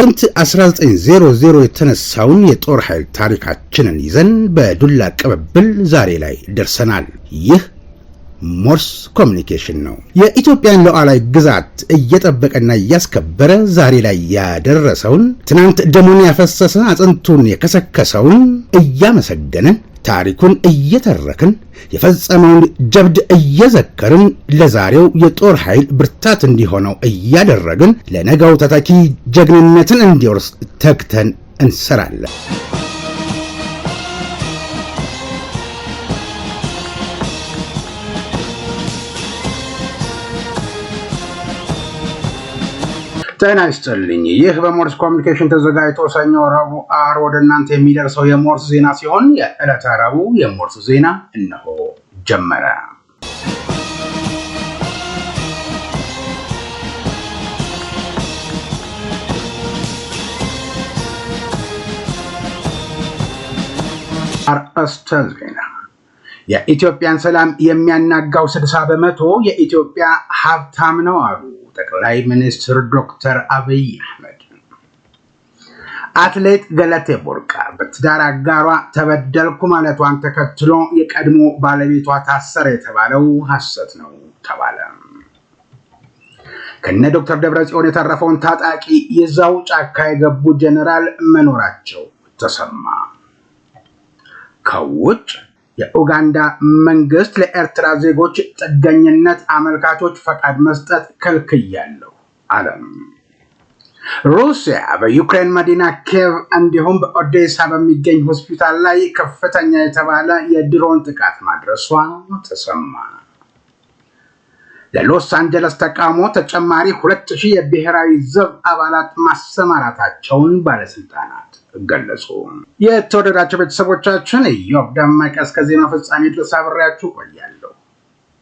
ክረምት 1900 የተነሳውን የጦር ኃይል ታሪካችንን ይዘን በዱላ ቅብብል ዛሬ ላይ ደርሰናል። ይህ ሞርስ ኮሚኒኬሽን ነው። የኢትዮጵያን ሉዓላዊ ግዛት እየጠበቀና እያስከበረ ዛሬ ላይ ያደረሰውን ትናንት ደሙን ያፈሰሰ አጥንቱን የከሰከሰውን እያመሰገንን ታሪኩን እየተረክን የፈጸመውን ጀብድ እየዘከርን ለዛሬው የጦር ኃይል ብርታት እንዲሆነው እያደረግን ለነገው ተተኪ ጀግንነትን እንዲወርስ ተግተን እንሰራለን። ጤና ይስጥልኝ። ይህ በሞርስ ኮሚኒኬሽን ተዘጋጅቶ ሰኞ፣ ረቡዕ፣ ዓርብ ወደ እናንተ የሚደርሰው የሞርስ ዜና ሲሆን የዕለተ ረቡዕ የሞርስ ዜና እነሆ ጀመረ። አርእስተ ዜና የኢትዮጵያን ሰላም የሚያናጋው ስድሳ በመቶ የኢትዮጵያ ሀብታም ነው አሉ ጠቅላይ ሚኒስትር ዶክተር አብይ አህመድ አትሌት ገለቴ ቡርቃ በትዳር አጋሯ ተበደልኩ ማለቷን ተከትሎ የቀድሞ ባለቤቷ ታሰረ የተባለው ሐሰት ነው ተባለ። ከነ ዶክተር ደብረጽዮን የተረፈውን ታጣቂ የዛው ጫካ የገቡ ጀኔራል መኖራቸው ተሰማ ከውጭ የኡጋንዳ መንግስት ለኤርትራ ዜጎች ጥገኝነት አመልካቾች ፈቃድ መስጠት ከልክያለሁ አለም። ሩሲያ በዩክሬን መዲና ኬቭ እንዲሁም በኦዴሳ በሚገኝ ሆስፒታል ላይ ከፍተኛ የተባለ የድሮን ጥቃት ማድረሷ ተሰማ። ለሎስ አንጀለስ ተቃውሞ ተጨማሪ ሁለት ሺህ የብሔራዊ ዘብ አባላት ማሰማራታቸውን ባለስልጣናት ገለጹ። የተወደዳቸው ቤተሰቦቻችን ኢዮብ ደመቀ እስከ ዜና ፍጻሜ ድረስ አብሬያችሁ ቆያለሁ።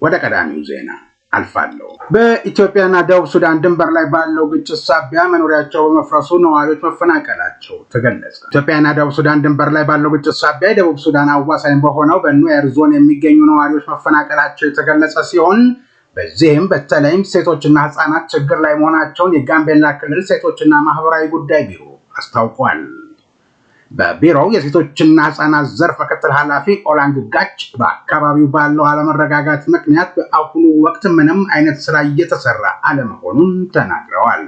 ወደ ቀዳሚው ዜና አልፋለሁ። በኢትዮጵያና ደቡብ ሱዳን ድንበር ላይ ባለው ግጭት ሳቢያ መኖሪያቸው በመፍረሱ ነዋሪዎች መፈናቀላቸው ተገለጸ። ኢትዮጵያና ደቡብ ሱዳን ድንበር ላይ ባለው ግጭት ሳቢያ የደቡብ ሱዳን አዋሳኝ በሆነው በኑዌር ዞን የሚገኙ ነዋሪዎች መፈናቀላቸው የተገለጸ ሲሆን በዚህም በተለይም ሴቶችና ሕፃናት ችግር ላይ መሆናቸውን የጋምቤላ ክልል ሴቶችና ማህበራዊ ጉዳይ ቢሮ አስታውቋል። በቢሮው የሴቶችና ህፃናት ዘርፍ ምክትል ኃላፊ ኦላንግ ጋች በአካባቢው ባለው አለመረጋጋት ምክንያት በአሁኑ ወቅት ምንም አይነት ስራ እየተሰራ አለመሆኑን ተናግረዋል።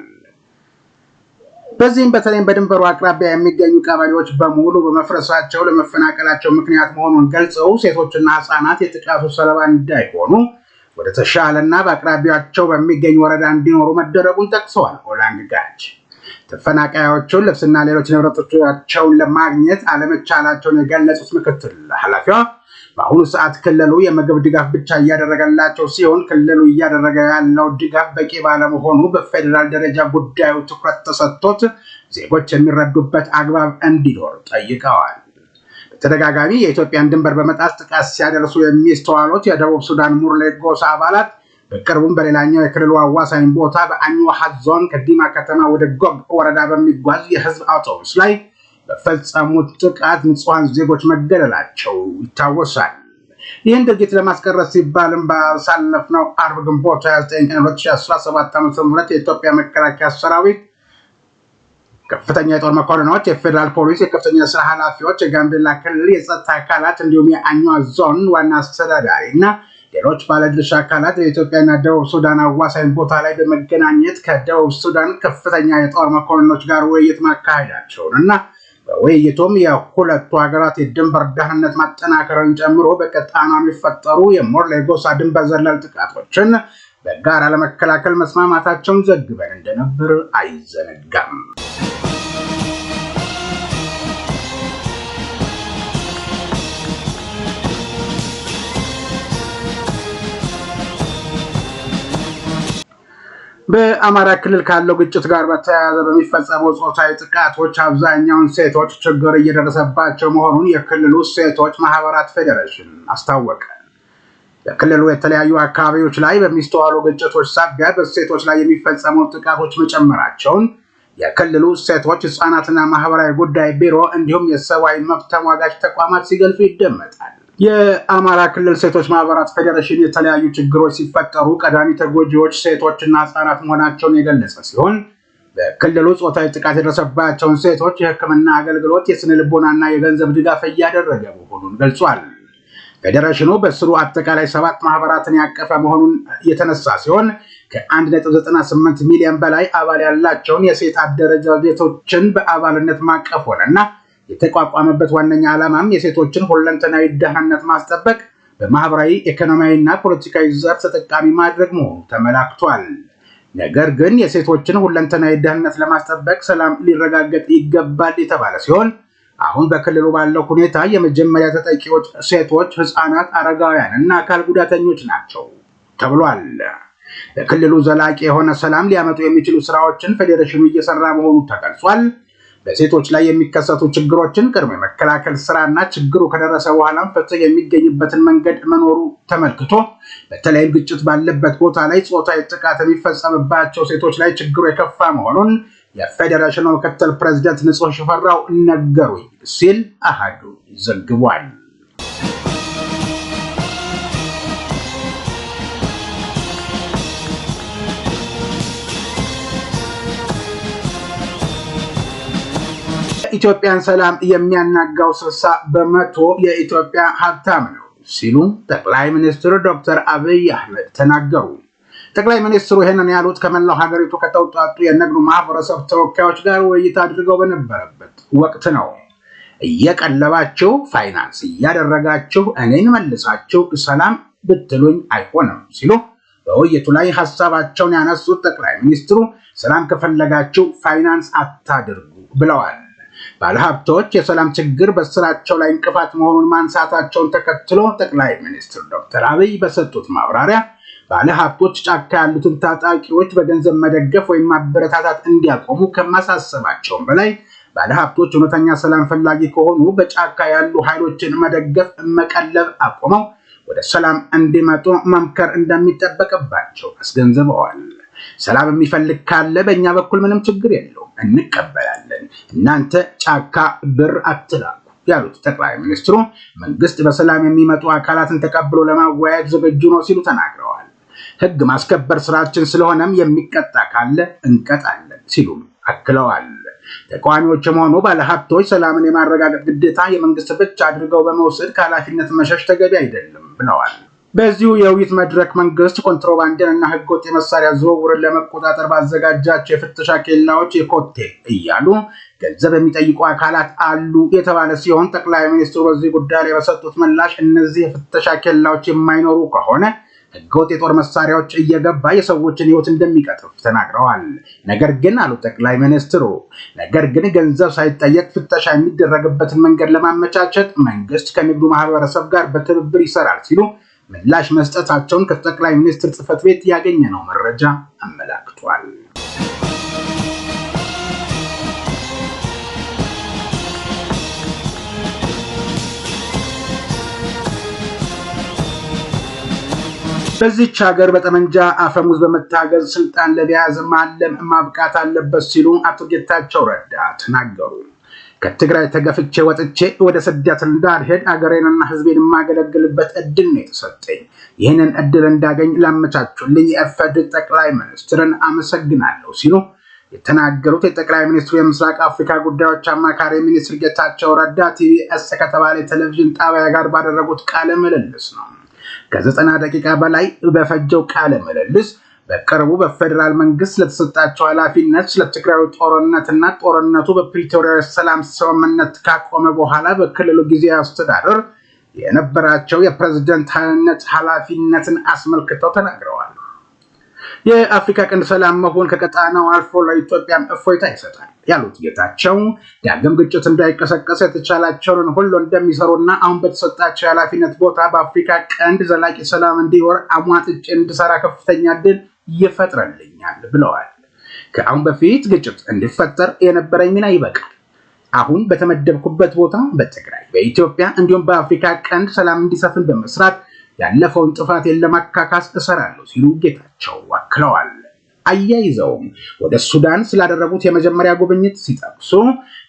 በዚህም በተለይም በድንበሩ አቅራቢያ የሚገኙ ቀበሌዎች በሙሉ በመፍረሳቸው ለመፈናቀላቸው ምክንያት መሆኑን ገልጸው ሴቶችና ህፃናት የጥቃቱ ሰለባ እንዳይሆኑ ወደ ተሻለና በአቅራቢያቸው በሚገኝ ወረዳ እንዲኖሩ መደረጉን ጠቅሰዋል ኦላንግ ጋች ተፈናቃዮቹን ልብስና ሌሎች ንብረቶቻቸውን ለማግኘት አለመቻላቸውን የገለጹት ምክትል ኃላፊዋ በአሁኑ ሰዓት ክልሉ የምግብ ድጋፍ ብቻ እያደረገላቸው ሲሆን ክልሉ እያደረገ ያለው ድጋፍ በቂ ባለመሆኑ በፌዴራል ደረጃ ጉዳዩ ትኩረት ተሰጥቶት ዜጎች የሚረዱበት አግባብ እንዲኖር ጠይቀዋል። በተደጋጋሚ የኢትዮጵያን ድንበር በመጣስ ጥቃት ሲያደርሱ የሚስተዋሉት የደቡብ ሱዳን ሙርሌ ጎሳ አባላት በቅርቡም በሌላኛው የክልሉ አዋሳኝ ቦታ በአኝዋሀት ዞን ከዲማ ከተማ ወደ ጎግ ወረዳ በሚጓዝ የህዝብ አውቶቡስ ላይ በፈጸሙት ጥቃት ንጹሐን ዜጎች መገደላቸው ይታወሳል። ይህን ድርጊት ለማስቀረት ሲባልም ባሳለፍነው አርብ ግንቦት 29 ቀን 2017 ዓ ም የኢትዮጵያ መከላከያ ሰራዊት ከፍተኛ የጦር መኮንኖች፣ የፌዴራል ፖሊስ፣ የከፍተኛ ስራ ኃላፊዎች፣ የጋምቤላ ክልል የጸጥታ አካላት እንዲሁም የአኛ ዞን ዋና አስተዳዳሪ እና ሌሎች ባለድርሻ አካላት በኢትዮጵያና ደቡብ ሱዳን አዋሳኝ ቦታ ላይ በመገናኘት ከደቡብ ሱዳን ከፍተኛ የጦር መኮንኖች ጋር ውይይት ማካሄዳቸውን እና በውይይቱም የሁለቱ ሀገራት የድንበር ደህንነት ማጠናከርን ጨምሮ በቀጣናው የሚፈጠሩ የሞርሌ ጎሳ ድንበር ዘለል ጥቃቶችን በጋራ ለመከላከል መስማማታቸውን ዘግበን እንደነበር አይዘነጋም። በአማራ ክልል ካለው ግጭት ጋር በተያያዘ በሚፈጸመው ጾታዊ ጥቃቶች አብዛኛውን ሴቶች ችግር እየደረሰባቸው መሆኑን የክልሉ ሴቶች ማህበራት ፌዴሬሽን አስታወቀ። በክልሉ የተለያዩ አካባቢዎች ላይ በሚስተዋሉ ግጭቶች ሳቢያ በሴቶች ላይ የሚፈጸሙ ጥቃቶች መጨመራቸውን የክልሉ ሴቶች ህፃናትና ማህበራዊ ጉዳይ ቢሮ እንዲሁም የሰብአዊ መብት ተሟጋች ተቋማት ሲገልጹ ይደመጣል። የአማራ ክልል ሴቶች ማህበራት ፌዴሬሽን የተለያዩ ችግሮች ሲፈጠሩ ቀዳሚ ተጎጂዎች ሴቶችና ህጻናት መሆናቸውን የገለጸ ሲሆን በክልሉ ጾታዊ ጥቃት የደረሰባቸውን ሴቶች የህክምና አገልግሎት የስነ ልቦናና የገንዘብ ድጋፍ እያደረገ መሆኑን ገልጿል። ፌዴሬሽኑ በስሩ አጠቃላይ ሰባት ማህበራትን ያቀፈ መሆኑን የተነሳ ሲሆን ከ1.98 ሚሊዮን በላይ አባል ያላቸውን የሴት አደረጃጀቶችን በአባልነት ማቀፍ ሆነና የተቋቋመበት ዋነኛ ዓላማም የሴቶችን ሁለንተናዊ ደህንነት ማስጠበቅ፣ በማህበራዊ ኢኮኖሚያዊና ፖለቲካዊ ዘርፍ ተጠቃሚ ማድረግ መሆኑ ተመላክቷል። ነገር ግን የሴቶችን ሁለንተናዊ ደህንነት ለማስጠበቅ ሰላም ሊረጋገጥ ይገባል የተባለ ሲሆን አሁን በክልሉ ባለው ሁኔታ የመጀመሪያ ተጠቂዎች ሴቶች፣ ህፃናት፣ አረጋውያን እና አካል ጉዳተኞች ናቸው ተብሏል። ለክልሉ ዘላቂ የሆነ ሰላም ሊያመጡ የሚችሉ ስራዎችን ፌዴሬሽኑ እየሰራ መሆኑ ተገልጿል። በሴቶች ላይ የሚከሰቱ ችግሮችን ቅድመ መከላከል ስራና ችግሩ ከደረሰ በኋላም ፍትህ የሚገኝበትን መንገድ መኖሩ ተመልክቶ በተለይም ግጭት ባለበት ቦታ ላይ ጾታዊ ጥቃት የሚፈጸምባቸው ሴቶች ላይ ችግሩ የከፋ መሆኑን የፌዴሬሽኑ ምክትል ፕሬዚደንት ንጹህ ሽፈራው ነገሩኝ ሲል አሃዱ ዘግቧል። የኢትዮጵያን ሰላም የሚያናጋው ስልሳ በመቶ የኢትዮጵያ ሀብታም ነው ሲሉ ጠቅላይ ሚኒስትር ዶክተር አብይ አህመድ ተናገሩ። ጠቅላይ ሚኒስትሩ ይህንን ያሉት ከመላው ሀገሪቱ ከተውጣጡ የንግዱ ማህበረሰብ ተወካዮች ጋር ውይይት አድርገው በነበረበት ወቅት ነው። እየቀለባችሁ ፋይናንስ እያደረጋችሁ እኔን መልሳችሁ ሰላም ብትሉኝ አይሆንም ሲሉ በውይይቱ ላይ ሀሳባቸውን ያነሱት ጠቅላይ ሚኒስትሩ ሰላም ከፈለጋችሁ ፋይናንስ አታድርጉ ብለዋል። ባለሀብቶች የሰላም ችግር በስራቸው ላይ እንቅፋት መሆኑን ማንሳታቸውን ተከትሎ ጠቅላይ ሚኒስትር ዶክተር አብይ በሰጡት ማብራሪያ ባለሀብቶች ጫካ ያሉትን ታጣቂዎች በገንዘብ መደገፍ ወይም ማበረታታት እንዲያቆሙ ከማሳሰባቸውም በላይ ባለሀብቶች እውነተኛ ሰላም ፈላጊ ከሆኑ በጫካ ያሉ ኃይሎችን መደገፍ፣ መቀለብ አቁመው ወደ ሰላም እንዲመጡ መምከር እንደሚጠበቅባቸው አስገንዝበዋል። ሰላም የሚፈልግ ካለ በእኛ በኩል ምንም ችግር የለውም፣ እንቀበላለን። እናንተ ጫካ ብር አትላኩ ያሉት ጠቅላይ ሚኒስትሩ መንግስት በሰላም የሚመጡ አካላትን ተቀብሎ ለማወያየት ዝግጁ ነው ሲሉ ተናግረዋል። ህግ ማስከበር ስራችን ስለሆነም የሚቀጣ ካለ እንቀጣለን ሲሉም አክለዋል። ተቃዋሚዎች የመሆኑ ባለሀብቶች ሰላምን የማረጋገጥ ግዴታ የመንግስት ብቻ አድርገው በመውሰድ ከኃላፊነት መሸሽ ተገቢ አይደለም ብለዋል። በዚሁ የውይይት መድረክ መንግስት ኮንትሮባንድን እና ህገወጥ የመሳሪያ ዝውውርን ለመቆጣጠር ባዘጋጃቸው የፍተሻ ኬላዎች የኮቴል እያሉ ገንዘብ የሚጠይቁ አካላት አሉ የተባለ ሲሆን ጠቅላይ ሚኒስትሩ በዚህ ጉዳይ ላይ በሰጡት ምላሽ እነዚህ የፍተሻ ኬላዎች የማይኖሩ ከሆነ ህገወጥ የጦር መሳሪያዎች እየገባ የሰዎችን ህይወት እንደሚቀጥፍ ተናግረዋል። ነገር ግን አሉ ጠቅላይ ሚኒስትሩ፣ ነገር ግን ገንዘብ ሳይጠየቅ ፍተሻ የሚደረግበትን መንገድ ለማመቻቸት መንግስት ከንግዱ ማህበረሰብ ጋር በትብብር ይሰራል ሲሉ ምላሽ መስጠታቸውን ከጠቅላይ ሚኒስትር ጽህፈት ቤት ያገኘነው መረጃ አመላክቷል። በዚች ሀገር በጠመንጃ አፈሙዝ በመታገዝ ስልጣን ለመያዝ ማለም ማብቃት አለበት ሲሉ አቶ ጌታቸው ረዳ ተናገሩ። ከትግራይ ተገፍቼ ወጥቼ ወደ ስደት እንዳልሄድ አገሬንና ህዝቤን የማገለግልበት እድል ነው የተሰጠኝ። ይህንን እድል እንዳገኝ ላመቻቹልኝ ፈድ ጠቅላይ ሚኒስትርን አመሰግናለሁ ሲሉ የተናገሩት የጠቅላይ ሚኒስትሩ የምስራቅ አፍሪካ ጉዳዮች አማካሪ ሚኒስትር ጌታቸው ረዳ ቲቪኤስ ከተባለ የቴሌቪዥን ጣቢያ ጋር ባደረጉት ቃለ ምልልስ ነው። ከዘጠና ደቂቃ በላይ በፈጀው ቃለ ምልልስ በቅርቡ በፌዴራል መንግስት ለተሰጣቸው ኃላፊነት ስለ ትግራዩ ጦርነትና ጦርነቱ በፕሪቶሪያ ሰላም ስምምነት ካቆመ በኋላ በክልሉ ጊዜያዊ አስተዳደር የነበራቸው የፕሬዝደንታዊነት ኃላፊነትን አስመልክተው ተናግረዋል። የአፍሪካ ቀንድ ሰላም መሆን ከቀጣናው አልፎ ለኢትዮጵያም እፎይታ ይሰጣል ያሉት ጌታቸው ዳግም ግጭት እንዳይቀሰቀስ የተቻላቸውን ሁሉ እንደሚሰሩና አሁን በተሰጣቸው የኃላፊነት ቦታ በአፍሪካ ቀንድ ዘላቂ ሰላም እንዲወር አሟጥጭ እንድሰራ ከፍተኛ ድል ይፈጥረልኛል ብለዋል። ከአሁን በፊት ግጭት እንዲፈጠር የነበረኝ ሚና ይበቃል። አሁን በተመደብኩበት ቦታ በትግራይ በኢትዮጵያ እንዲሁም በአፍሪካ ቀንድ ሰላም እንዲሰፍን በመስራት ያለፈውን ጥፋት ለማካካስ እሰራለሁ ሲሉ ጌታቸው አክለዋል። አያይዘውም ወደ ሱዳን ስላደረጉት የመጀመሪያ ጉብኝት ሲጠቅሱ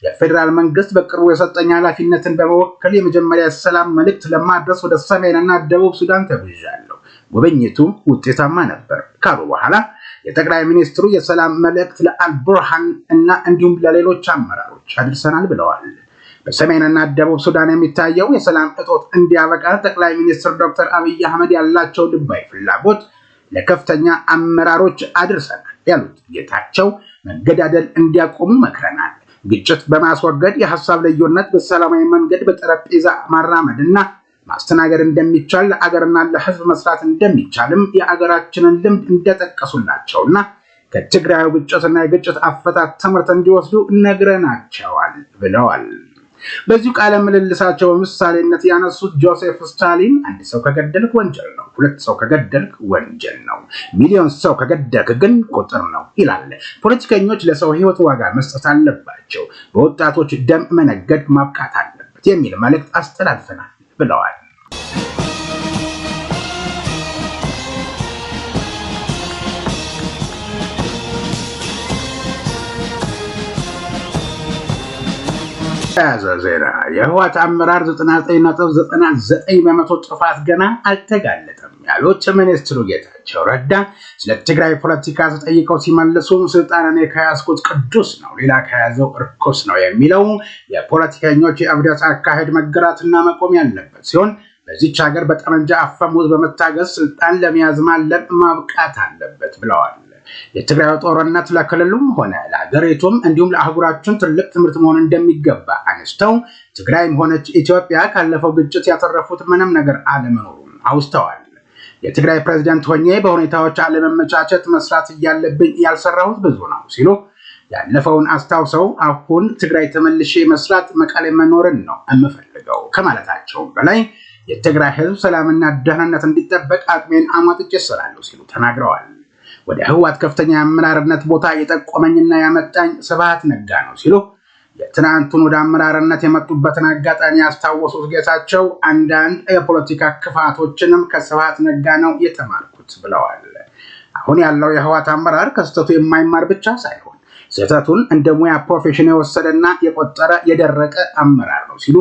የፌዴራል መንግስት በቅርቡ የሰጠኝ ኃላፊነትን በመወከል የመጀመሪያ ሰላም መልእክት ለማድረስ ወደ ሰሜንና ደቡብ ሱዳን ተጉዣለሁ። ጉብኝቱ ውጤታማ ነበር ካሉ በኋላ የጠቅላይ ሚኒስትሩ የሰላም መልእክት ለአልቡርሃን እና እንዲሁም ለሌሎች አመራሮች አድርሰናል ብለዋል። በሰሜንና ደቡብ ሱዳን የሚታየው የሰላም እጦት እንዲያበቃ ጠቅላይ ሚኒስትር ዶክተር አብይ አህመድ ያላቸው ልባዊ ፍላጎት ለከፍተኛ አመራሮች አድርሰናል ያሉት ጌታቸው መገዳደል እንዲያቆሙ መክረናል፣ ግጭት በማስወገድ የሀሳብ ልዩነት በሰላማዊ መንገድ በጠረጴዛ ማራመድ እና ማስተናገድ እንደሚቻል ለአገርና ለህዝብ መስራት እንደሚቻልም የአገራችንን ልምድ እና ከትግራዩ ግጭትና የግጭት አፈታት ትምህርት እንዲወስዱ ነግረናቸዋል ብለዋል። በዚሁ ቃለ ምልልሳቸው በምሳሌነት ያነሱት ጆሴፍ ስታሊን አንድ ሰው ከገደልክ ወንጀል ነው፣ ሁለት ሰው ከገደልክ ወንጀል ነው፣ ሚሊዮን ሰው ከገደልክ ግን ቁጥር ነው ይላል። ፖለቲከኞች ለሰው ህይወት ዋጋ መስጠት አለባቸው፣ በወጣቶች ደም መነገድ ማብቃት አለበት የሚል መልእክት አስተላልፈናል ብለዋል። ተያዘ ዜና የህወሓት አመራር 99.99 በመቶ ጥፋት ገና አልተጋለጠም ያሉት ሚኒስትሩ ጌታቸው ረዳ ስለ ትግራይ ፖለቲካ ተጠይቀው ሲመልሱ ስልጣን እኔ ከያዝኩት ቅዱስ ነው፣ ሌላ ከያዘው እርኩስ ነው የሚለው የፖለቲከኞች የእብደት አካሄድ መገራትና መቆም ያለበት ሲሆን በዚች ሀገር በጠመንጃ አፈሙዝ በመታገዝ ስልጣን ለመያዝ ማለም ማብቃት አለበት ብለዋል። የትግራይ ጦርነት ለክልሉም ሆነ ለሀገሪቱም እንዲሁም ለአህጉራችን ትልቅ ትምህርት መሆን እንደሚገባ አነስተው ትግራይም ሆነች ኢትዮጵያ ካለፈው ግጭት ያተረፉት ምንም ነገር አለመኖሩም አውስተዋል። የትግራይ ፕሬዚደንት ሆኜ በሁኔታዎች አለመመቻቸት መስራት እያለብኝ ያልሰራሁት ብዙ ነው ሲሉ ያለፈውን አስታውሰው አሁን ትግራይ ተመልሼ መስራት መቀሌ መኖርን ነው የምፈልገው ከማለታቸውም በላይ የትግራይ ህዝብ ሰላምና ደህንነት እንዲጠበቅ አቅሜን አሟጥጬ እሰራለሁ ሲሉ ተናግረዋል። ወደ ህወሓት ከፍተኛ የአመራርነት ቦታ የጠቆመኝና ያመጣኝ ስብሃት ነጋ ነው ሲሉ የትናንቱን ወደ አመራርነት የመጡበትን አጋጣሚ ያስታወሱት ጌታቸው አንዳንድ የፖለቲካ ክፋቶችንም ከስብሃት ነጋ ነው የተማርኩት ብለዋል። አሁን ያለው የህወሓት አመራር ከስህተቱ የማይማር ብቻ ሳይሆን ስህተቱን እንደ ሙያ ፕሮፌሽን የወሰደና የቆጠረ የደረቀ አመራር ነው ሲሉ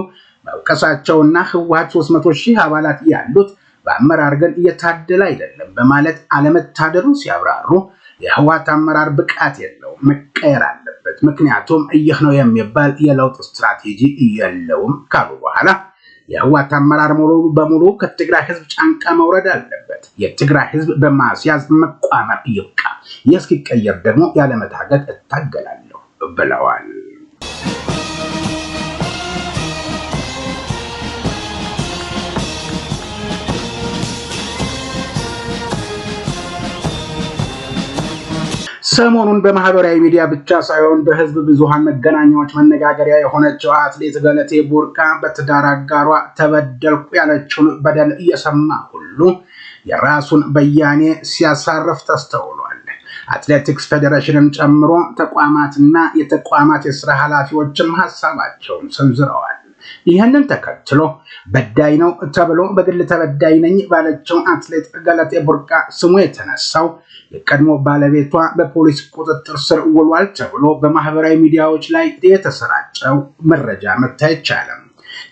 ከሳቸውና ህወሀት 300 ሺህ አባላት ያሉት በአመራር ግን እየታደለ አይደለም በማለት አለመታደሩን ሲያብራሩ የህወሀት አመራር ብቃት የለውም፣ መቀየር አለበት፣ ምክንያቱም ይህ ነው የሚባል የለውጥ ስትራቴጂ የለውም ካሉ በኋላ የህወሀት አመራር ሙሉ በሙሉ ከትግራይ ህዝብ ጫንቃ መውረድ አለበት። የትግራይ ህዝብ በማስያዝ መቋመር ይብቃ። ይህ እስኪቀየር ደግሞ ያለመታገት እታገላለሁ ብለዋል። ሰሞኑን በማህበራዊ ሚዲያ ብቻ ሳይሆን በህዝብ ብዙሃን መገናኛዎች መነጋገሪያ የሆነችው አትሌት ገለቴ ቡርቃ በትዳር አጋሯ ተበደልኩ ያለችውን በደል እየሰማ ሁሉ የራሱን በያኔ ሲያሳርፍ ተስተውሏል። አትሌቲክስ ፌዴሬሽንን ጨምሮ ተቋማትና የተቋማት የስራ ኃላፊዎችም ሀሳባቸውን ሰንዝረዋል። ይህንን ተከትሎ በዳይ ነው ተብሎ በግል ተበዳይ ነኝ ባለችው አትሌት ገለቴ ቡርቃ ስሙ የተነሳው የቀድሞ ባለቤቷ በፖሊስ ቁጥጥር ስር ውሏል ተብሎ በማህበራዊ ሚዲያዎች ላይ የተሰራጨው መረጃ መታየት ቻለም።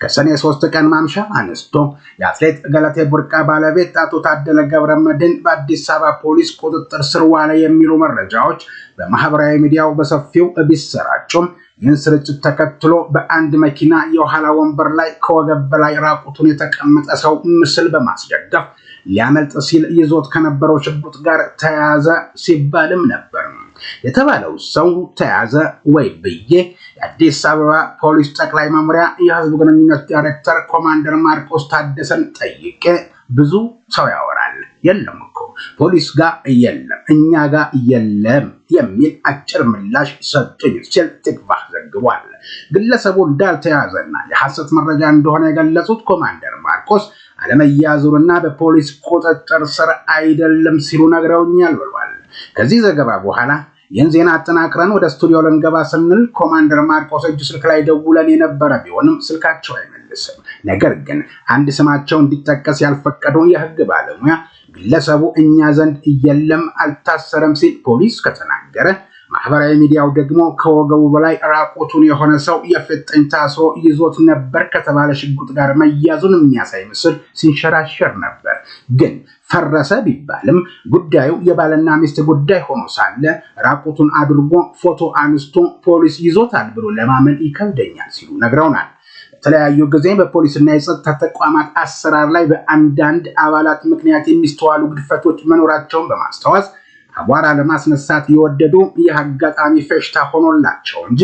ከሰኔ ሶስት ቀን ማምሻ አነስቶ የአትሌት ገለቴ ቡርቃ ባለቤት አቶ ታደለ ገብረመድህን በአዲስ አበባ ፖሊስ ቁጥጥር ስር ዋለ የሚሉ መረጃዎች በማህበራዊ ሚዲያው በሰፊው ቢሰራጩም ይህን ስርጭት ተከትሎ በአንድ መኪና የኋላ ወንበር ላይ ከወገብ በላይ ራቁቱን የተቀመጠ ሰው ምስል በማስደገፍ ሊያመልጥ ሲል ይዞት ከነበረው ሽጉጥ ጋር ተያያዘ ሲባልም ነበር። የተባለው ሰው ተያዘ ወይ ብዬ የአዲስ አበባ ፖሊስ ጠቅላይ መምሪያ የህዝብ ግንኙነት ዳይሬክተር ኮማንደር ማርቆስ ታደሰን ጠይቄ ብዙ ሰው ያወራል የለም እኮ ፖሊስ ጋር የለም እኛ ጋር የለም የሚል አጭር ምላሽ ሰጡኝ ሲል ትግባህ ዘግቧል። ግለሰቡ እንዳልተያዘና የሐሰት መረጃ እንደሆነ የገለጹት ኮማንደር ማርቆስ አለመያዙንና በፖሊስ ቁጥጥር ስር አይደለም ሲሉ ነግረውኛል ብሏል። ከዚህ ዘገባ በኋላ ይህን ዜና አጠናክረን ወደ ስቱዲዮ ልንገባ ስንል ኮማንደር ማርቆስ እጅ ስልክ ላይ ደውለን የነበረ ቢሆንም ስልካቸው አይመልስም። ነገር ግን አንድ ስማቸው እንዲጠቀስ ያልፈቀዱ የህግ ባለሙያ ግለሰቡ እኛ ዘንድ እየለም አልታሰረም ሲል ፖሊስ ከተናገረ ማህበራዊ ሚዲያው ደግሞ ከወገቡ በላይ ራቁቱን የሆነ ሰው የፍጥኝ ታስሮ ይዞት ነበር ከተባለ ሽጉጥ ጋር መያዙን የሚያሳይ ምስል ሲንሸራሸር ነበር። ግን ፈረሰ ቢባልም ጉዳዩ የባልና ሚስት ጉዳይ ሆኖ ሳለ ራቁቱን አድርጎ ፎቶ አንስቶ ፖሊስ ይዞታል ብሎ ለማመን ይከብደኛል ሲሉ ነግረውናል። በተለያዩ ጊዜ በፖሊስና የጸጥታ ተቋማት አሰራር ላይ በአንዳንድ አባላት ምክንያት የሚስተዋሉ ግድፈቶች መኖራቸውን በማስታወስ አቧራ ለማስነሳት የወደዱ ይህ አጋጣሚ ፌሽታ ሆኖላቸው እንጂ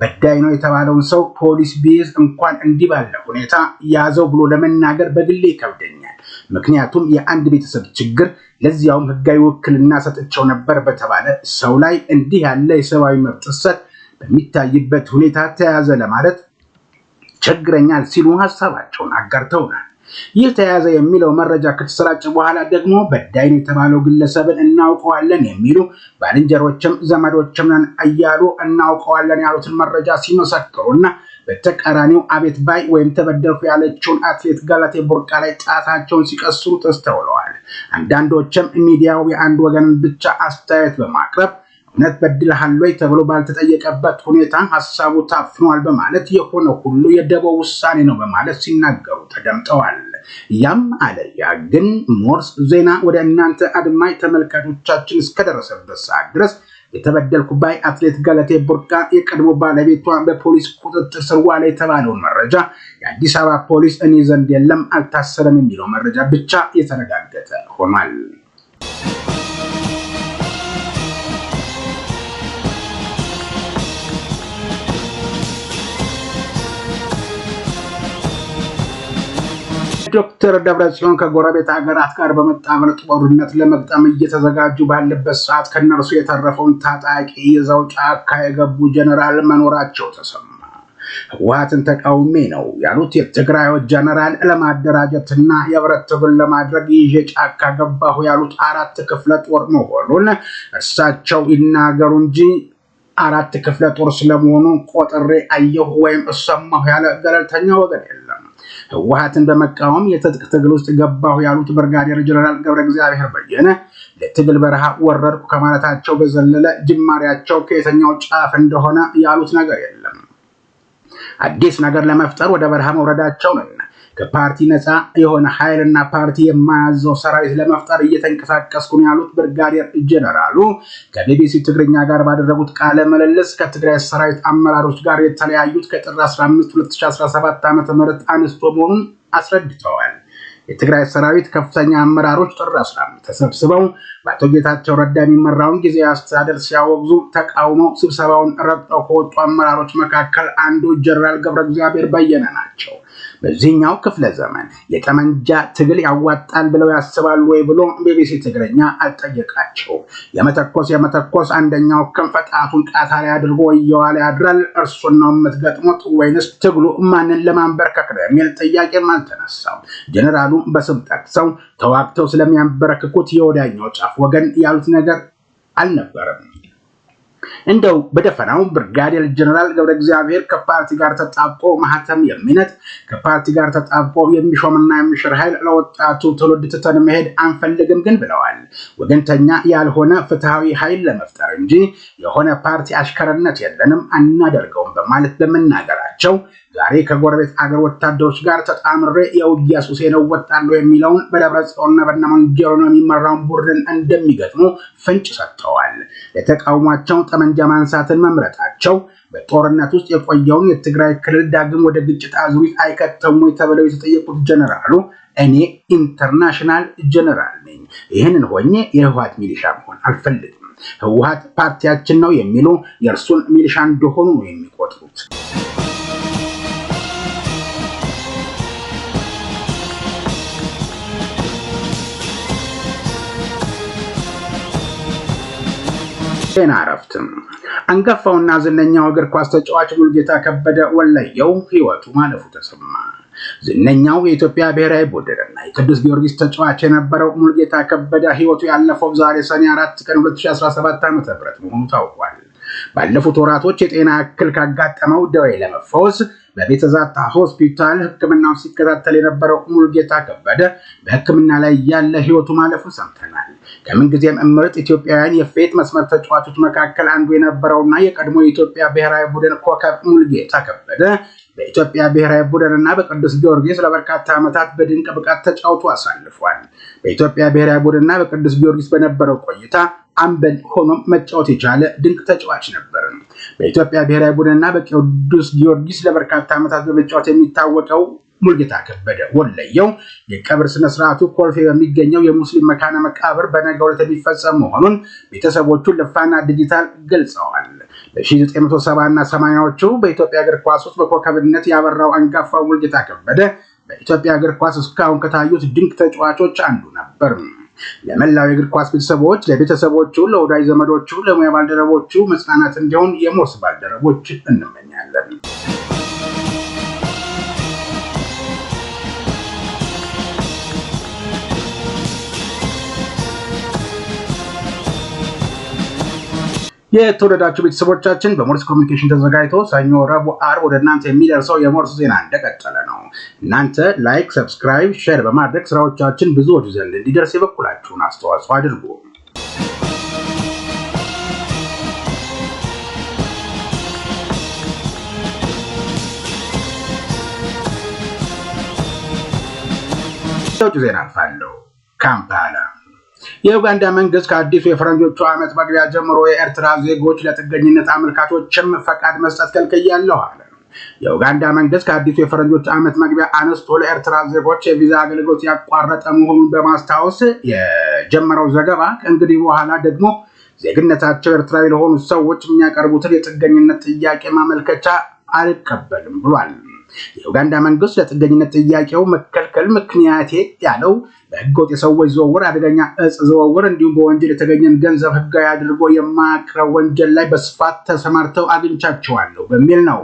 በዳይ ነው የተባለውን ሰው ፖሊስ ቢይዝ እንኳን እንዲህ ባለ ሁኔታ ያዘው ብሎ ለመናገር በግሌ ይከብደኛል። ምክንያቱም የአንድ ቤተሰብ ችግር ለዚያውም ህጋዊ ውክልና ሰጥቸው ነበር በተባለ ሰው ላይ እንዲህ ያለ የሰብአዊ መብት ጥሰት በሚታይበት ሁኔታ ተያዘ ለማለት ችግረኛል ሲሉ ሀሳባቸውን አጋርተውናል። ይህ ተያዘ የሚለው መረጃ ከተሰራጨ በኋላ ደግሞ በዳይን የተባለው ግለሰብን እናውቀዋለን የሚሉ ባልንጀሮችም ዘመዶችም ነን እያሉ እናውቀዋለን ያሉትን መረጃ ሲመሰክሩና በተቃራኒው አቤት ባይ ወይም ተበደልኩ ያለችውን አትሌት ገለቴ ቡርቃ ላይ ጣታቸውን ሲቀስሩ ተስተውለዋል። አንዳንዶችም ሚዲያው የአንድ ወገንን ብቻ አስተያየት በማቅረብ እውነት በድለሃል ወይ ተብሎ ባልተጠየቀበት ሁኔታ ሀሳቡ ታፍኗል በማለት የሆነ ሁሉ የደቦ ውሳኔ ነው በማለት ሲናገሩ ተደምጠዋል። ያም አለ ያ ግን ሞርስ ዜና ወደ እናንተ አድማጭ ተመልካቾቻችን እስከደረሰበት ሰዓት ድረስ የተበደልኩ ባይ አትሌት ገለቴ ቡርቃ የቀድሞ ባለቤቷ በፖሊስ ቁጥጥር ስር ዋለ የተባለውን መረጃ የአዲስ አበባ ፖሊስ እኔ ዘንድ የለም አልታሰረም የሚለው መረጃ ብቻ የተረጋገጠ ሆኗል። ዶክተር ደብረጽዮን ከጎረቤት ሀገራት ጋር በመጣመር ጦርነት ለመግጠም እየተዘጋጁ ባለበት ሰዓት ከእነርሱ የተረፈውን ታጣቂ ይዘው ጫካ የገቡ ጀነራል መኖራቸው ተሰማ። ህወሓትን ተቃውሜ ነው ያሉት የትግራዮች ጀነራል ለማደራጀትና የብረት ትግል ለማድረግ ይዤ ጫካ ገባሁ ያሉት አራት ክፍለ ጦር መሆኑን እርሳቸው ይናገሩ እንጂ አራት ክፍለ ጦር ስለመሆኑ ቆጥሬ አየሁ ወይም እሰማሁ ያለ ገለልተኛ ወገን የለም። ህወሓትን በመቃወም የትጥቅ ትግል ውስጥ ገባሁ ያሉት ብርጋዴር ጀነራል ገብረ እግዚአብሔር በየነ ለትግል በረሃ ወረድኩ ከማለታቸው በዘለለ ጅማሬያቸው ከየተኛው ጫፍ እንደሆነ ያሉት ነገር የለም። አዲስ ነገር ለመፍጠር ወደ በረሃ መውረዳቸው ነው። ከፓርቲ ነፃ የሆነ ኃይልና ፓርቲ የማያዘው ሰራዊት ለመፍጠር እየተንቀሳቀስኩ ነው ያሉት ብርጋዴር ጀነራሉ ከቢቢሲ ትግርኛ ጋር ባደረጉት ቃለ ምልልስ ከትግራይ ሰራዊት አመራሮች ጋር የተለያዩት ከጥር 15 2017 ዓ ም አንስቶ መሆኑን አስረድተዋል። የትግራይ ሰራዊት ከፍተኛ አመራሮች ጥር 15 ተሰብስበው በአቶ ጌታቸው ረዳ የሚመራውን ጊዜያዊ አስተዳደር ሲያወግዙ ተቃውመው ስብሰባውን ረግጠው ከወጡ አመራሮች መካከል አንዱ ጀነራል ገብረ እግዚአብሔር በየነ ናቸው። በዚህኛው ክፍለ ዘመን የጠመንጃ ትግል ያዋጣል ብለው ያስባሉ ወይ ብሎ ቢቢሲ ትግርኛ አልጠየቃቸው። የመተኮስ የመተኮስ አንደኛው ክንፈ ጣቱን ቃታሪ አድርጎ እየዋለ ያድራል። እርሱን ነው የምትገጥሙት ወይንስ ትግሉ ማንን ለማንበርከክ ነው የሚል ጥያቄም አልተነሳው ጀኔራሉ በስም ጠቅሰው ተዋግተው ስለሚያንበረክኩት የወዳኛው ጫፍ ወገን ያሉት ነገር አልነበረም። እንደው በደፈናው ብርጋዴር ጀነራል ገብረ እግዚአብሔር ከፓርቲ ጋር ተጣብቆ ማህተም የሚነት ከፓርቲ ጋር ተጣብቆ የሚሾምና የሚሽር ኃይል ለወጣቱ ትውልድ ትተን መሄድ አንፈልግም ግን ብለዋል። ወገንተኛ ያልሆነ ፍትሐዊ ኃይል ለመፍጠር እንጂ የሆነ ፓርቲ አሽከርነት የለንም አናደርገውም በማለት በመናገራቸው ዛሬ ከጎረቤት አገር ወታደሮች ጋር ተጣምሬ የውጊያ ሱሴ ነው ወጣለሁ የሚለውን በደብረ ጽዮንና ነው የሚመራውን ቡድን እንደሚገጥሙ ፍንጭ ሰጥተዋል። የተቃውሟቸው ጠመንጃ ማንሳትን መምረጣቸው በጦርነት ውስጥ የቆየውን የትግራይ ክልል ዳግም ወደ ግጭት አዙሪት አይከተሙ ተብለው የተጠየቁት ጀነራሉ እኔ ኢንተርናሽናል ጀነራል ነኝ፣ ይህንን ሆኜ የህወሀት ሚሊሻ መሆን አልፈልግም፣ ህወሀት ፓርቲያችን ነው የሚሉ የእርሱን ሚሊሻ እንደሆኑ ነው የሚቆጥሩት። ዜና እረፍትም አንጋፋውና ዝነኛው እግር ኳስ ተጫዋች ሙሉጌታ ከበደ ወለየው ህይወቱ ማለፉ ተሰማ። ዝነኛው የኢትዮጵያ ብሔራዊ ቡድንና የቅዱስ ጊዮርጊስ ተጫዋች የነበረው ሙሉጌታ ከበደ ህይወቱ ያለፈው ዛሬ ሰኔ አራት ቀን 2017 ም መሆኑ ታውቋል። ባለፉት ወራቶች የጤና እክል ካጋጠመው ደዌ ለመፈወስ በቤተዛታ ሆስፒታል ሕክምናው ሲከታተል የነበረው ሙሉጌታ ከበደ በሕክምና ላይ ያለ ህይወቱ ማለፉ ሰምተናል። ከምንጊዜም እምርጥ ኢትዮጵያውያን የፌት መስመር ተጫዋቾች መካከል አንዱ የነበረውና የቀድሞ የኢትዮጵያ ብሔራዊ ቡድን ኮከብ ሙሉጌታ ከበደ በኢትዮጵያ ብሔራዊ ቡድን እና በቅዱስ ጊዮርጊስ ለበርካታ ዓመታት በድንቅ ብቃት ተጫውቶ አሳልፏል። በኢትዮጵያ ብሔራዊ ቡድንና በቅዱስ ጊዮርጊስ በነበረው ቆይታ አምበል ሆኖ መጫወት የቻለ ድንቅ ተጫዋች ነበር። በኢትዮጵያ ብሔራዊ ቡድንና በቅዱስ ጊዮርጊስ ለበርካታ ዓመታት በመጫወት የሚታወቀው ሙልጌታ ከበደ ወለየው የቀብር ስነስርዓቱ ኮልፌ በሚገኘው የሙስሊም መካነ መቃብር በነገው ዕለት የሚፈጸም መሆኑን ቤተሰቦቹ ለፋና ዲጂታል ገልጸዋል። በ1970 እና 80ዎቹ በኢትዮጵያ እግር ኳስ ውስጥ በኮከብነት ያበራው አንጋፋው ሙልጌታ ከበደ በኢትዮጵያ እግር ኳስ እስካሁን ከታዩት ድንቅ ተጫዋቾች አንዱ ነበር። ለመላው የእግር ኳስ ቤተሰቦች፣ ለቤተሰቦቹ፣ ለወዳጅ ዘመዶቹ፣ ለሙያ ባልደረቦቹ መጽናናት እንዲሆን የሞስ ባልደረቦች እንመኛለን። የተወደዳችሁ ቤተሰቦቻችን በሞርስ ኮሚኒኬሽን ተዘጋጅቶ ሰኞ፣ ረቡዕ፣ ዓርብ ወደ እናንተ የሚደርሰው የሞርስ ዜና እንደቀጠለ ነው። እናንተ ላይክ፣ ሰብስክራይብ፣ ሼር በማድረግ ስራዎቻችን ብዙዎች ዘንድ እንዲደርስ የበኩላችሁን አስተዋጽኦ አድርጉ። ዜና አልፋለሁ። ካምፓላ የኡጋንዳ መንግስት ከአዲሱ የፈረንጆቹ ዓመት መግቢያ ጀምሮ የኤርትራ ዜጎች ለጥገኝነት አመልካቾችም ፈቃድ መስጠት ከልክያለሁ አለ። የኡጋንዳ መንግስት ከአዲሱ የፈረንጆች ዓመት መግቢያ አነስቶ ለኤርትራ ዜጎች የቪዛ አገልግሎት ያቋረጠ መሆኑን በማስታወስ የጀመረው ዘገባ ከእንግዲህ በኋላ ደግሞ ዜግነታቸው ኤርትራዊ ለሆኑ ሰዎች የሚያቀርቡትን የጥገኝነት ጥያቄ ማመልከቻ አልቀበልም ብሏል። የኡጋንዳ መንግስት ለጥገኝነት ጥያቄው መከልከል ምክንያቴ ያለው በህገወጥ የሰዎች ዝውውር፣ አደገኛ እጽ ዝውውር እንዲሁም በወንጀል የተገኘን ገንዘብ ህጋዊ አድርጎ የማቅረብ ወንጀል ላይ በስፋት ተሰማርተው አግኝቻቸዋለሁ በሚል ነው።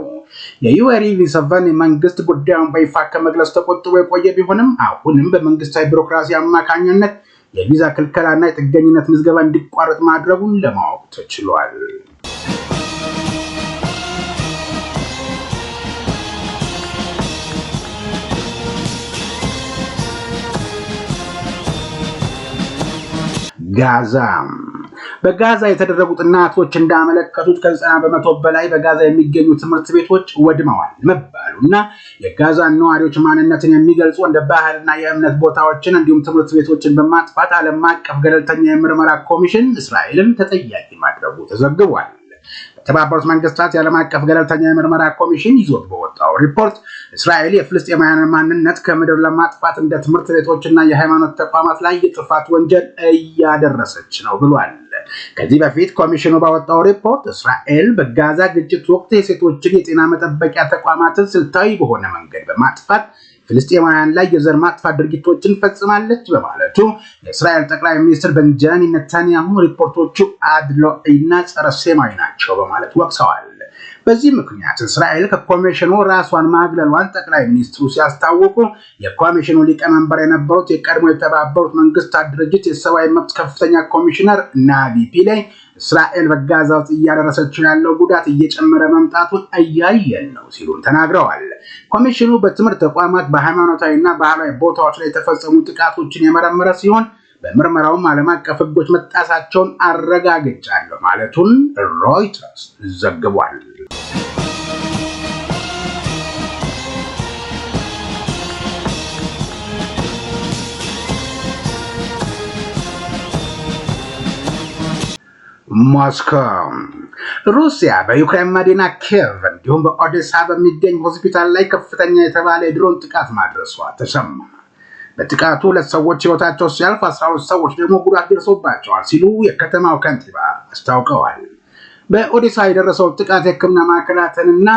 የዩዌሪ ሙሴቬኒ መንግስት ጉዳዩን በይፋ ከመግለጽ ተቆጥቦ የቆየ ቢሆንም አሁንም በመንግስታዊ ቢሮክራሲ አማካኝነት የቪዛ ክልከላና የጥገኝነት ምዝገባ እንዲቋረጥ ማድረጉን ለማወቅ ተችሏል። ጋዛ በጋዛ የተደረጉ ጥናቶች እንዳመለከቱት ከዘጠና በመቶ በላይ በጋዛ የሚገኙ ትምህርት ቤቶች ወድመዋል መባሉ እና የጋዛን ነዋሪዎች ማንነትን የሚገልጹ እንደ ባህልና የእምነት ቦታዎችን እንዲሁም ትምህርት ቤቶችን በማጥፋት ዓለም አቀፍ ገለልተኛ የምርመራ ኮሚሽን እስራኤልን ተጠያቂ ማድረጉ ተዘግቧል። የተባበሩት መንግስታት የዓለም አቀፍ ገለልተኛ የምርመራ ኮሚሽን ይዞት በወጣው ሪፖርት እስራኤል የፍልስጤማውያንን ማንነት ከምድር ለማጥፋት እንደ ትምህርት ቤቶችና የሃይማኖት ተቋማት ላይ የጥፋት ወንጀል እያደረሰች ነው ብሏል። ከዚህ በፊት ኮሚሽኑ ባወጣው ሪፖርት እስራኤል በጋዛ ግጭት ወቅት የሴቶችን የጤና መጠበቂያ ተቋማትን ስልታዊ በሆነ መንገድ በማጥፋት ፍልስጤማውያን ላይ የዘር ማጥፋት ድርጊቶችን ፈጽማለች በማለቱ የእስራኤል ጠቅላይ ሚኒስትር በንጃኒ ነታንያሁ ሪፖርቶቹ አድሏዊና ጸረ ሴማዊ ናቸው በማለት ወቅሰዋል። በዚህ ምክንያት እስራኤል ከኮሚሽኑ ራሷን ማግለሏን ጠቅላይ ሚኒስትሩ ሲያስታውቁ የኮሚሽኑ ሊቀመንበር የነበሩት የቀድሞ የተባበሩት መንግስታት ድርጅት የሰብአዊ መብት ከፍተኛ ኮሚሽነር ናቪ ፒላይ እስራኤል በጋዛ ውስጥ እያደረሰችን ያለው ጉዳት እየጨመረ መምጣቱን እያየን ነው ሲሉም ተናግረዋል። ኮሚሽኑ በትምህርት ተቋማት፣ በሃይማኖታዊ እና ባህላዊ ቦታዎች ላይ የተፈጸሙ ጥቃቶችን የመረመረ ሲሆን በምርመራውም ዓለም አቀፍ ሕጎች መጣሳቸውን አረጋግጫለሁ ማለቱን ሮይተርስ ዘግቧል። ሞስኮ ሩሲያ በዩክራይን መዲና ኪየቭ እንዲሁም በኦዴሳ በሚገኝ ሆስፒታል ላይ ከፍተኛ የተባለ የድሮን ጥቃት ማድረሷ ተሰማ። በጥቃቱ ሁለት ሰዎች ህይወታቸው ሲያልፍ አስራ ሁለት ሰዎች ደግሞ ጉዳት ደርሶባቸዋል ሲሉ የከተማው ከንቲባ አስታውቀዋል። በኦዴሳ የደረሰው ጥቃት የህክምና ማዕከላትንና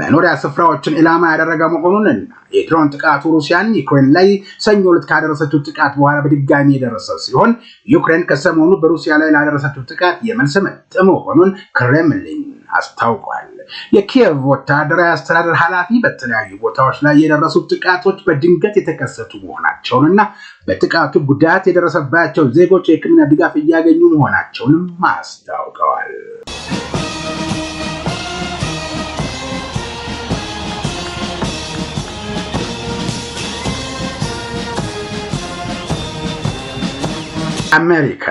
መኖሪያ ስፍራዎችን ኢላማ ያደረገ መሆኑንና የድሮን ጥቃቱ ሩሲያን ዩክሬን ላይ ሰኞ ዕለት ካደረሰችው ጥቃት በኋላ በድጋሚ የደረሰ ሲሆን ዩክሬን ከሰሞኑ በሩሲያ ላይ ላደረሰችው ጥቃት የመልስ ምት መሆኑን ክሬምሊን አስታውቋል። የኪየቭ ወታደራዊ አስተዳደር ኃላፊ በተለያዩ ቦታዎች ላይ የደረሱት ጥቃቶች በድንገት የተከሰቱ መሆናቸውንና በጥቃቱ ጉዳት የደረሰባቸው ዜጎች የሕክምና ድጋፍ እያገኙ መሆናቸውንም አስታውቀዋል። አሜሪካ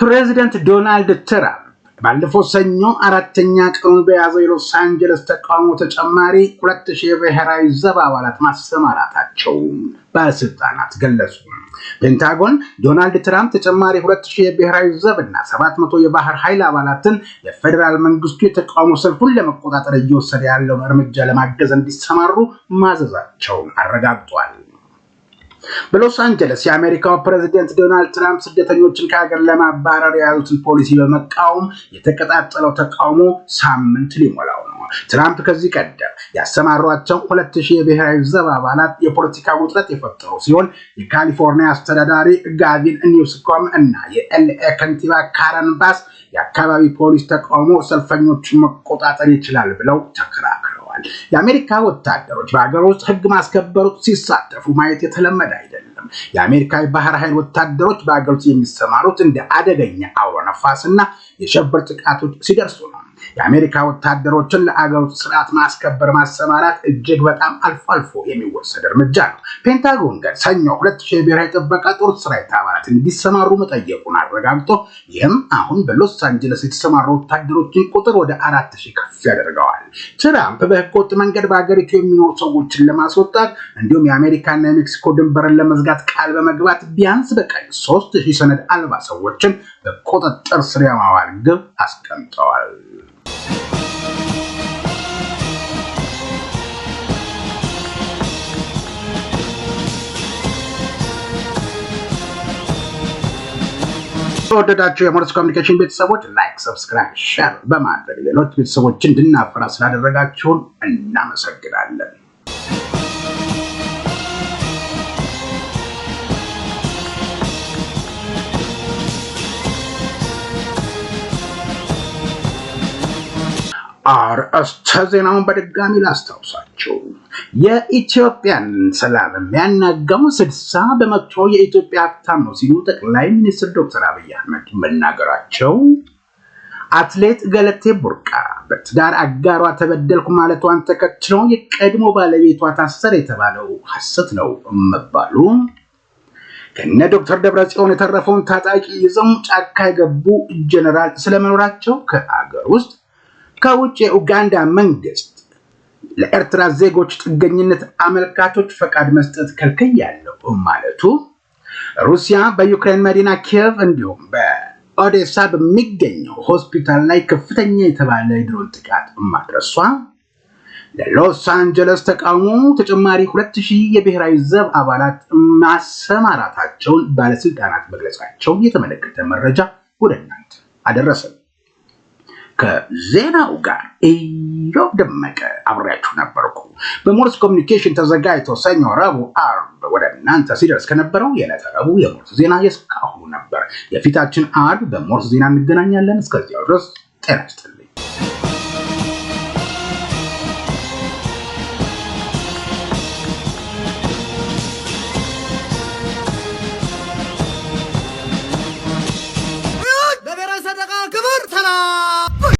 ፕሬዚደንት ዶናልድ ትራምፕ ባለፈው ሰኞ አራተኛ ቀኑን በያዘው የሎስ አንጀለስ ተቃውሞ ተጨማሪ ሁለት ሺህ የብሔራዊ ዘብ አባላት ማሰማራታቸው ባለስልጣናት ገለጹ። ፔንታጎን ዶናልድ ትራምፕ ተጨማሪ ሁለት ሺህ የብሔራዊ ዘብ እና ሰባት መቶ የባህር ኃይል አባላትን የፌዴራል መንግስቱ የተቃውሞ ሰልፉን ለመቆጣጠር እየወሰደ ያለውን እርምጃ ለማገዝ እንዲሰማሩ ማዘዛቸውን አረጋግጧል። በሎስ አንጀለስ የአሜሪካው ፕሬዚደንት ዶናልድ ትራምፕ ስደተኞችን ከሀገር ለማባረር የያዙትን ፖሊሲ በመቃወም የተቀጣጠለው ተቃውሞ ሳምንት ሊሞላው ነው። ትራምፕ ከዚህ ቀደም ያሰማሯቸው ሁለት ሺህ የብሔራዊ ዘብ አባላት የፖለቲካ ውጥረት የፈጠሩ ሲሆን የካሊፎርኒያ አስተዳዳሪ ጋቪን ኒውስኮም እና የኤልኤ ከንቲባ ካረን ባስ የአካባቢ ፖሊስ ተቃውሞ ሰልፈኞችን መቆጣጠር ይችላል ብለው ተከራከሩ። ይገኛል። የአሜሪካ ወታደሮች በሀገር ውስጥ ህግ ማስከበሩ ሲሳተፉ ማየት የተለመደ አይደለም። የአሜሪካ የባህር ኃይል ወታደሮች በሀገር ውስጥ የሚሰማሩት እንደ አደገኛ አውሎ ነፋስና የሸበር ጥቃቶች ሲደርሱ ነው። የአሜሪካ ወታደሮችን ለአገሪቱ ስርዓት ማስከበር ማሰማራት እጅግ በጣም አልፎ አልፎ የሚወሰድ እርምጃ ነው። ፔንታጎን ጋር ሰኞ ሁለት ሺህ የብሔራዊ ጥበቃ ጦር ሰራዊት አባላት እንዲሰማሩ መጠየቁን አረጋግጦ ይህም አሁን በሎስ አንጀለስ የተሰማሩ ወታደሮችን ቁጥር ወደ አራት ሺህ ከፍ ያደርገዋል። ትራምፕ በህገወጥ መንገድ በሀገሪቱ የሚኖሩ ሰዎችን ለማስወጣት እንዲሁም የአሜሪካና የሜክሲኮ ድንበርን ለመዝጋት ቃል በመግባት ቢያንስ በቀን ሶስት ሺህ ሰነድ አልባ ሰዎችን በቁጥጥር ስር የማዋል ግብ አስቀምጠዋል። ተወደዳቸው የሞርስ ኮሚኒኬሽን ቤተሰቦች ላይክ፣ ሰብስክራይብ፣ ሸር በማድረግ ሌሎች ቤተሰቦች እንድናፈራ ስላደረጋችሁን እናመሰግናለን። አርእስተ ዜናውን በድጋሚ ላስታውሳቸው። የኢትዮጵያን ሰላም የሚያናጋው ስድሳ በመቶ የኢትዮጵያ ሀብታም ነው ሲሉ ጠቅላይ ሚኒስትር ዶክተር አብይ አህመድ መናገራቸው፣ አትሌት ገለቴ ቡርቃ በትዳር አጋሯ ተበደልኩ ማለቷን ተከትሎ የቀድሞ ባለቤቷ ታሰር የተባለው ሐሰት ነው መባሉ፣ ከነ ዶክተር ደብረጽዮን የተረፈውን ታጣቂ ይዘው ጫካ የገቡ ጀነራል ስለመኖራቸው ከአገር ውስጥ ከውጭ የኡጋንዳ መንግስት ለኤርትራ ዜጎች ጥገኝነት አመልካቾች ፈቃድ መስጠት ያለው ማለቱ፣ ሩሲያ በዩክሬን መዲና ኪየቭ እንዲሁም በኦዴሳ በሚገኘው ሆስፒታል ላይ ከፍተኛ የተባለ የድሮን ጥቃት ማድረሷ፣ ለሎስ አንጀለስ ተቃውሞ ተጨማሪ 2000 የብሔራዊ ዘብ አባላት ማሰማራታቸውን ባለስልጣናት መግለጻቸው የተመለከተ መረጃ ወደ እናንተ አደረሰን። ከዜናው ጋር ኢዮብ ደመቀ አብሬያችሁ ነበርኩ። በሞርስ ኮሚኒኬሽን ተዘጋጅቶ ሰኞ፣ ረቡዕ፣ አርብ ወደ እናንተ ሲደርስ ከነበረው የዕለተ ረቡዕ የሞርስ ዜና የስካሁኑ ነበር። የፊታችን አርብ በሞርስ ዜና እንገናኛለን። እስከዚያው ድረስ ጤና ይስጥልኝ።